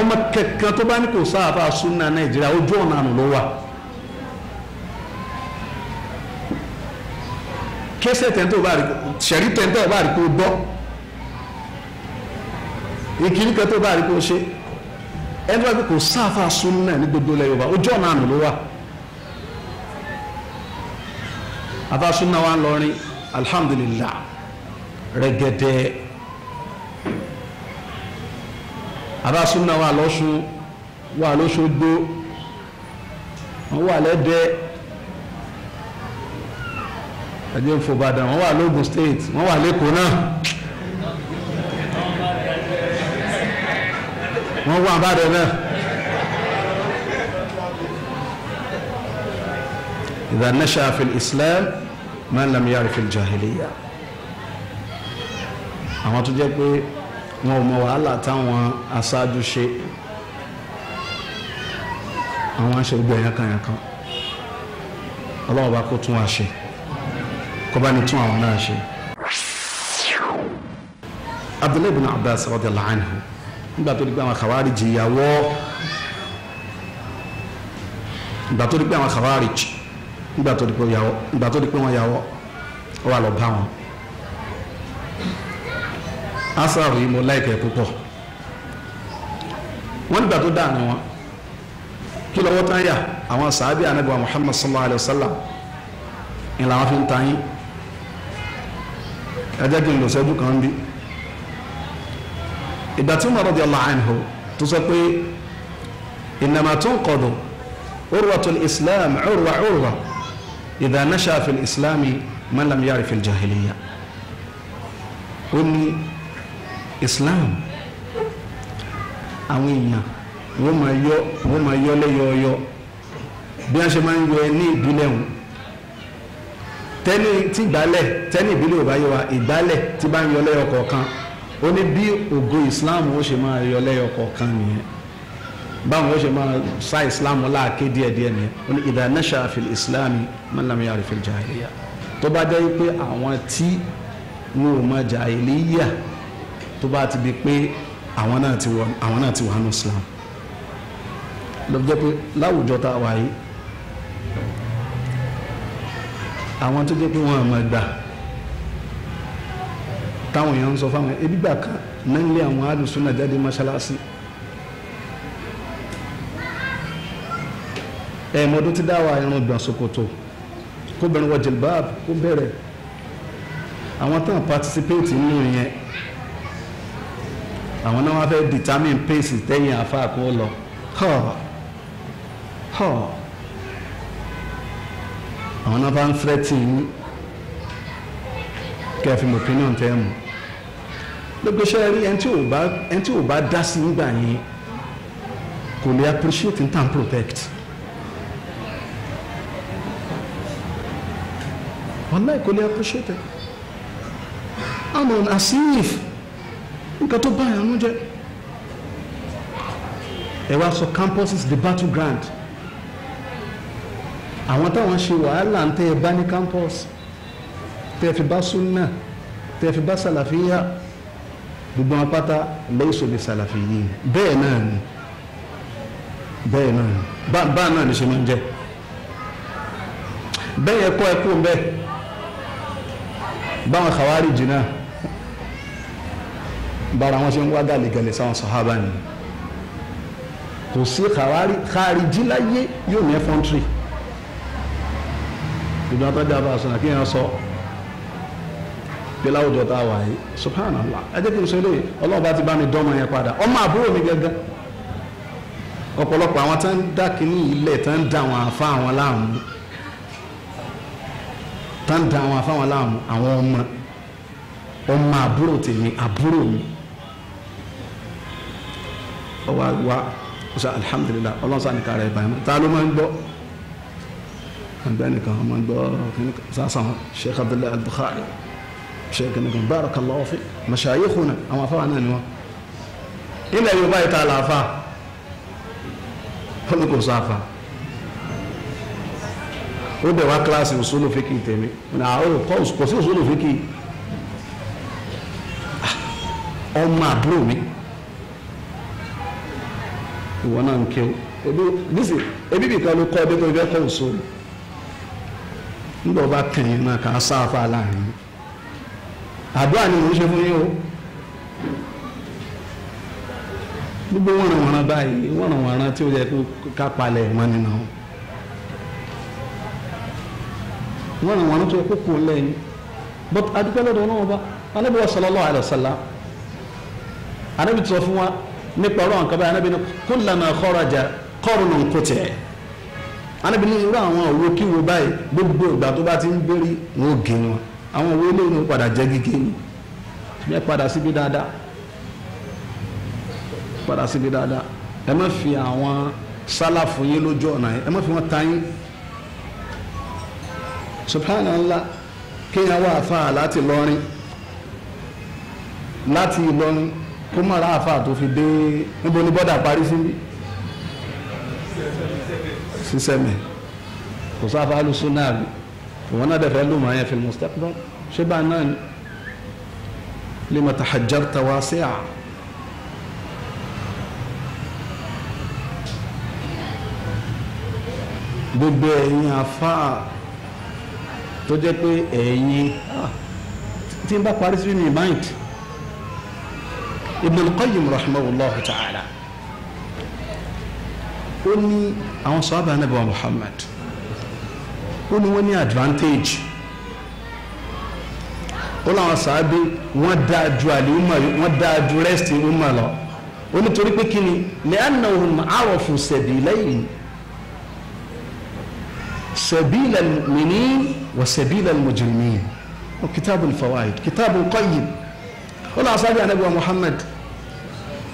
ọmọ kankan tó bá ní kò sáàfà súnà nàìjíríà ojú ọ̀nà àná ló wà. kẹsẹ̀ tẹ̀ntẹ̀ bá rí sẹ̀rí tẹ̀ntẹ̀ bá rí kó gbọ́ ìkíní kan tó bá rí kó ṣe ẹni tó bá rí kò sáàfà súnà ní gbogbo ilẹ̀ yorùbá ojú ọ̀nà àná ló wà. àfà súnà wa ń lọrin alhamdulillah rẹ̀gẹ̀dẹ̀. abasuna wà lọ́sùn wà lọ́sọ̀gbó wọ́n wà lẹ́dẹ́ ẹ̀jẹ̀ fòbàdàn wọ́n wà lógun state wọ́n wà lẹ́kọ̀ọ́ náà wọ́n wà bàdàn náà. إذا نشأ في الإسلام من لم يعرف الجاهلية. àwọn tó jẹ́ pé wọn ò mọ wàhálà táwọn aṣáájú ṣe àwọn aṣègbè yankanyankan ọlọ́wọ́ bá kó tún wa ṣe kó bá ní tún àwọn náà ṣe. abdullahi bin abbas radiyallahu anhu nígbà tó di pé àwọn khawarij ìyàwó nígbà tó di pé àwọn khawarij nígbà tó di pé wọn yàwó wà lọ bá wọn asaru yìí mo láìpẹ́ púpọ̀ wọ́n nígbà tó dáa ni wọ́n kí lọ́wọ́ tán yà àwọn sàábì anábìwá Muhammad sallallahu alayhi wa sallam ìlà wọn fi ń tan yín ẹ jẹ́ kí n lò sẹ́jú kan bí ìgbà tí Umar radiyallahu anhu tó sọ pé innama tunqadu urwatul islam urwa urwa idha nasha fil islami man lam yarif al jahiliya ó ní. Islam àwọn èèyàn wọ́n máa yọ wọ́n máa yọ lẹ́yọọyọ bí wọ́n ṣe máa ń yọ ẹ ní ìbílẹ̀ wọn tẹ́ni tí ìgbálẹ̀ tẹ́ni ìbílẹ̀ ò bá yọ wa ìgbálẹ̀ tí bá ń yọ lẹ́yọ kọ̀ọ̀kan ó ní bí ògo Islam ó ṣe máa yọ lẹ́yọ kọ̀ọ̀kan nìyẹn báwọn ó ṣe máa sa Islam láàké díẹ̀díẹ̀ nìyẹn ó ní idha nasha'a fil Islam man lam ya'rif tó bá jẹ́ pé àwọn tí wọn ò mọ jàhìlíyà tó bá ti di pé àwọn náà ti wọn àwọn náà ti wà nù Islam lọ́jọ́ pé láwùjọ tá a wà yìí àwọn tó jẹ́ pé wọ́n àmọ́ gbà táwọn èèyàn ń sọ fáwọn ebi gbà kan náà àwọn alùsùnà jáde mọ́ṣáláṣí ẹ̀ẹ̀mọ́dún ti dá wa irun gbà ṣòkòtò kóbìnrin wọ jilbab kó bẹ̀rẹ̀ àwọn táwọn participate nínú yẹn àwọn náà wọ́n fẹ́ determine pace tẹ́yìn àáfàá kó lọ àwọn náà bá ń threatening kẹfìm opinion tẹ́ mu lọ́gbẹ́sẹ̀ rí ẹni tí ò bá dá sí nígbà yẹn kò lè appreciate n tan protect wàláì kò lè appreciate it. I'm on as if nǹkan tó báyà ń jẹ́ ẹ wá sọ campus is the battle ground àwọn táwọn ṣe wàhálà ń tẹ ẹ bá ní campus tẹ ẹ fi bá súnà tẹ ẹ fi bá sàlàfíà gbogbo wọn pátá lẹ́yìn sọ̀lẹ̀ sàlàfíà yìí bẹ́ẹ̀ náà ni bẹ́ẹ̀ náà ni báà náà ni ṣe máa ń jẹ́ bẹ́ẹ̀ yẹ kọ́ ẹ kú bẹ́ẹ̀ báwọn kàwárì jìnnà bára wọn ṣe ń wá gàlẹ́gàlẹ́ sáwọn sọ̀hábà ni kò sí kárìjí láyé yóò ní ẹ̀fọ́ntì ìgbà tó dábàá sọ̀nà kí yẹn sọ pé láwùjọ tá a wà yìí subhanallah ẹ jẹ́ kí n sọ eléyìí ọlọ́run bá ti bá mi dánmọ̀ yẹn padà ọmọ àbúrò mi gẹ́gẹ́ ọ̀pọ̀lọpọ̀ àwọn tó ń dá kínní ilẹ̀ tó ń da àwọn afá àwọn láàmú tó ń da àwọn afá àwọn láàmú àwọn ọmọ ọmọ àbúrò tèmi àbúrò mi ọwọ́ àgbà ọ̀sà alhamdulillah ọlọ́sà nìkan rẹ̀ báyìí mọ́ ta ló máa ń gbọ́ ẹgbẹ́ nìkan ọmọ ń gbọ́ sàṣà sheikh abdullahi al-bukhari sheikh nìkan barakallahu fi mashayikhuna àwọn afáwà náà ni wọn ilẹ̀ yorùbá yìí ta làáfà fún mi kò sọ àfà ó bẹ̀ wá kíláàsì òṣòlò fíkì tèmi ah, kò sí òṣòlò fíkì ah, ọmọ àbúrò mi. ìwọ náà ń ebi nìkan ló kọ́ dé tó fẹ́ kọ́ òṣòro nígbà ọba kẹyìn náà kà á láàrin ni mò ń ṣe fún yín o gbogbo wọ̀nàwọ̀nà báyìí wọ̀nàwọ̀nà tí ó yẹ kó kápalẹ̀ wọn nínú àwọn wọ̀nàwọ̀nà tó yẹ lẹ́yìn but adúpẹ́ lọ́dọ̀ fún wa nípa ọ̀rọ̀ nǹkan báyìí anábìíní kullama kharaja qarnun quti'a anábìíní irú àwọn òwò kíwo báyìí gbogbo ìgbà tó bá ti ń bẹ́rí wọn ò gé wọn àwọn òwò ilé ìlú padà jẹ́ gígé ni ẹ padà síbi dáadáa padà síbi dáadáa ẹ má fi àwọn sálàfù yín lójú ọ̀nà yẹn ẹ má fi wọn ta yín subhanallah kéèyàn wà fáà láti lọrin láti Ìlọrin kó mọ̀ ra àfà tó fi dé níbo ni bọ́dà parí sí sísẹ́mẹ̀ kò sáfà alùsùn náà rí òun náà dẹ̀fẹ́ lùmọ̀ yẹn fi mustaqbal ṣé bá náà ni lima tahajjarta wasi'a. gbogbo ẹ̀yin àfáà tó jẹ́ pé ẹ̀yin ah, tí n bá parí sí mi mind. Ibn al-Qayyim rahimahullahu ta'ala ó ní àwọn sọ́ọ́bà anábìwá Muhammad ó ní wọ́n ní advantage ó láwọn sàábé wọ́n dáa ju àlè umar wọ́n dáa ju rest umar lọ ó nítorí pé kí ni ní annahum arafu sabilayn sabilal mu'minin wa sabilal mujrimin ó kitabul fawaid kitabul qayyim ó lọ asábì anábìwá Muhammad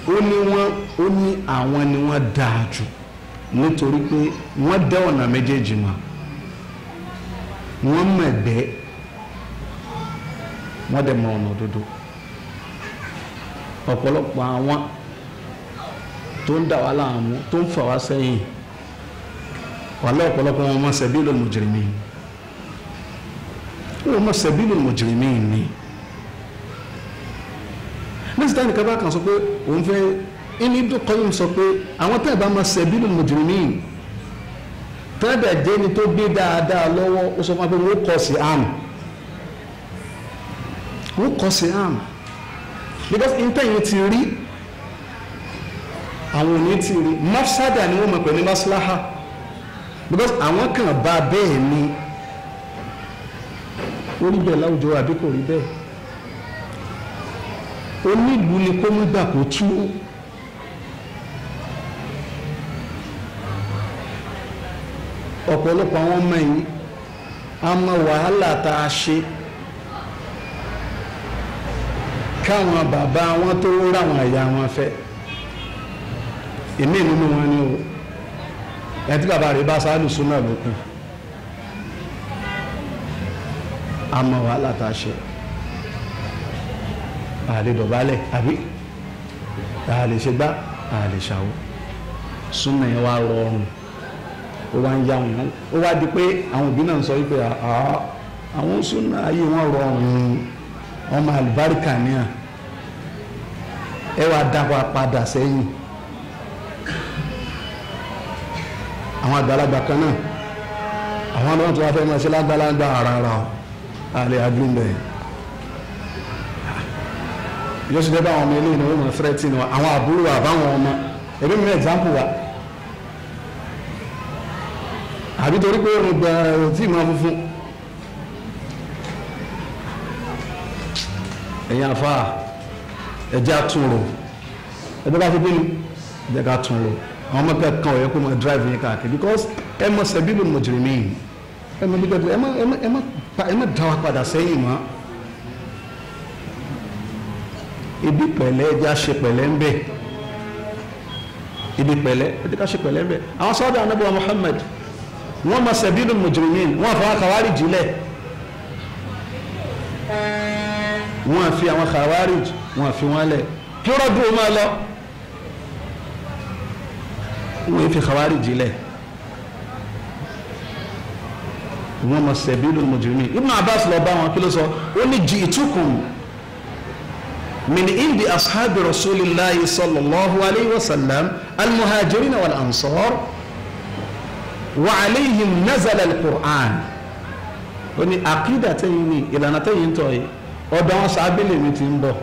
ó ní wọn ó ní àwọn ni wọn dáa jù nítorí pé wọn dẹ ọ̀nà méjèèjì mọ́ wọn mọ̀ ẹ̀gbẹ́ wọn dẹ̀ mọ̀ ọ̀nà òdodo ọ̀pọ̀lọpọ̀ àwọn tó ń dà wá láàmú tó ń fà wá sẹ́yìn wàlẹ́ ọ̀pọ̀lọpọ̀ wọn mọ̀ sẹ́bílò mùjìrìmí wọn mọ̀ sẹ́bílò mùjìrìmí ni nísìtá nìkan bá kàn sọ pé òun fẹ́ inú ìdókòyìn sọ pé àwọn tẹ́ ẹ̀ bá máa ṣẹ̀bí ló mọ̀jìrì míì tẹ́ẹ̀dẹ̀ jẹ́ ni tó gbé dáadáa lọ́wọ́ ó sọ fún wa pé wọ́n kọ̀ sí àmì wọ́n kọ̀ sí àmì because intanet ti rí àwọn òní ti rí mafsada ni wọ́n mọ̀ pẹ̀lú maslaha because àwọn kan bá bẹ́ẹ̀ ni ó rí bẹ́ẹ̀ láwùjọ àbí kò rí bẹ́ẹ̀ onílùú ni kó mú gbà kó tú. ọ̀pọ̀lọpọ̀ àwọn ọmọ yìí a mọ wàhálà tá a ṣe káwọn bàbá wọn tó ráwọn àyà wọn fẹ́ èmi nínú wọn ni o ẹ tí bàbá rẹ bá sáálù súnà lókun a mọ wàhálà tá a ṣe a lè dọ̀bálẹ̀ àbí a lè ṣe gbá a lè ṣàwó súnà yẹn wá rọrùn ó wá ń yá wọn yẹn ó wá di pé àwọn òbí náà ń sọ wípé àwọn súnà ayé wọn rọrùn ọmọ àlùbáríkà ni à ẹ wá dáwà padà sẹ́yìn àwọn àgbàlagbà kan náà àwọn ọlọ́run tó wá fẹ́ máa ṣe lágbàlagbà àràrà àlè àdúgbò yẹn yóò sì dé bá àwọn ọmọ eléyìí ni wọ́n mọ̀ fẹ́rẹ́ tì ní wọn àwọn àbúrò wa àbáwọn ọmọ ẹbí mi ẹ̀xámpù wa àbí torí pé òun gba ọtí ìmọ̀ funfun ẹ̀yin afa ẹ̀jẹ̀ àtúnrò ẹ̀jẹ̀ bá ti bí mi ẹ̀jẹ̀ ká túnrò àwọn ọmọ kẹ́kọ̀ọ́ yẹ kó mọ drive yín káàkiri because ẹ mọ sẹ́bí ló mọ̀jìrì mí ẹ mọ bí gbẹdẹ ẹ mọ ẹ mọ ẹ mọ da wa padà sẹ́yìn mọ́ ibi pẹ̀lẹ́ ẹja ṣe pẹ̀lẹ́ ń bẹ̀ ibi pẹ̀lẹ́ ẹja ṣe pẹ̀lẹ́ ń bẹ̀ àwọn sọ́dọ̀ anábọ̀ Muhammad wọ́n mọ sẹ̀bínú mùjùmín wọ́n fọwọ́ kàwárì jílẹ̀ wọ́n fi àwọn kàwárì wọ́n fi wọ́n lẹ̀ kí wọ́n dúró máa lọ wọ́n fi kàwárì jílẹ̀ wọ́n mọ sẹ̀bínú mùjùmín Ibn Abbas lọ bá wọn kí ló sọ ó ní jì ìtúkùn min indi ashabi rasulillahi sallallahu alayhi wa sallam almuhajirina wal ansar wa alayhim nazala alqur'an ó ní àkídà tẹ́yìn ní ìlànà tẹ́yìn tọ̀ yìí ọ̀dọ̀ àwọn sábẹ́lẹ̀ mi ti ń bọ̀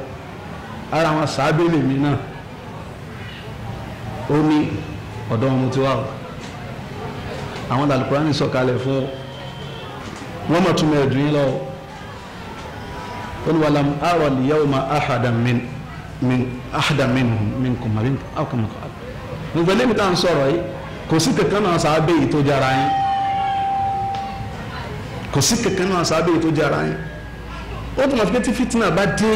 ara àwọn sábẹ́lẹ̀ mi náà ó ní ọ̀dọ̀ wọn mo ti wá o àwọn alqur'an sọ̀kalẹ̀ fún wọn mọ̀ tún mẹ́ẹ̀dùn yín lọ́wọ́ ó ní wàlámù àrò lìyàwó ma àhàdàmín àhàdàmín minkum àbí àkàmù kọ́ nùfẹ̀ lẹ́mi tá à ń sọ̀rọ̀ yìí kò sí kankan náà sábẹ́ yìí tó jara yín kò sí kankan náà sábẹ́ yìí tó jara yín ó tún àti pé tí fitina bá dé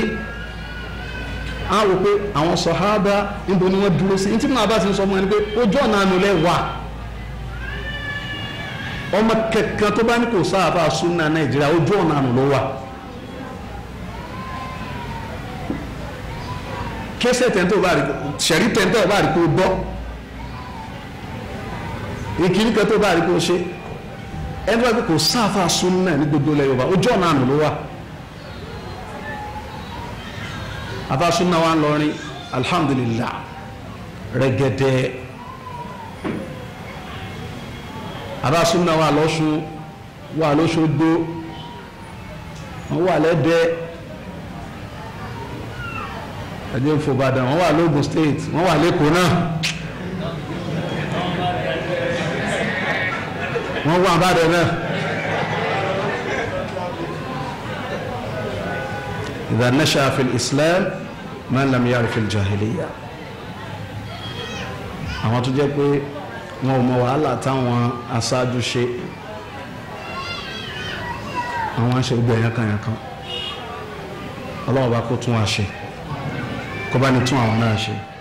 á wò pé àwọn sọ̀hábà níbo ni wọ́n dúró sí ní tí mo náà bá ti sọ fún ẹni pé ojú ọ̀nà àánú lẹ́ wà ọmọ kankan tó bá ní kò sáà fà sunna nàìjíríà ojú ọ̀nà àánú ló wà. kéṣẹ́ tẹ́ntẹ́ bá rí ṣẹ̀rí tẹ́ntẹ́ bá rí kó gbọ́ ìkíní kan tó bá rí kó ṣe ẹni wáyé kò sáfà súnmọ́ ní gbogbo ilẹ̀ Yorùbá ojú ọ̀nà àmì ló wà àfà wa ń lọrin alhamdulillah rẹ̀gẹ̀dẹ̀ àfà súnmọ́ wa lọ́sùn wà lọ́sọ̀gbó wọ́n wà lẹ́dẹ̀ẹ́ ẹjẹ ń fòbàdàn wọ́n wà lógun state wọ́n wà lẹ́kọ̀ọ́ náà wọ́n wà àbàdàn náà. إذا نشأ في الإسلام من لم يعرف الجاهلية àwọn tó jẹ́ pé wọn ò mọ wàhálà táwọn aṣáájú ṣe àwọn aṣèlú gbẹ̀yàn kan ọlọ́wọ́ bá kó tún wá ṣe kó bá ní tún àwọn náà ṣe.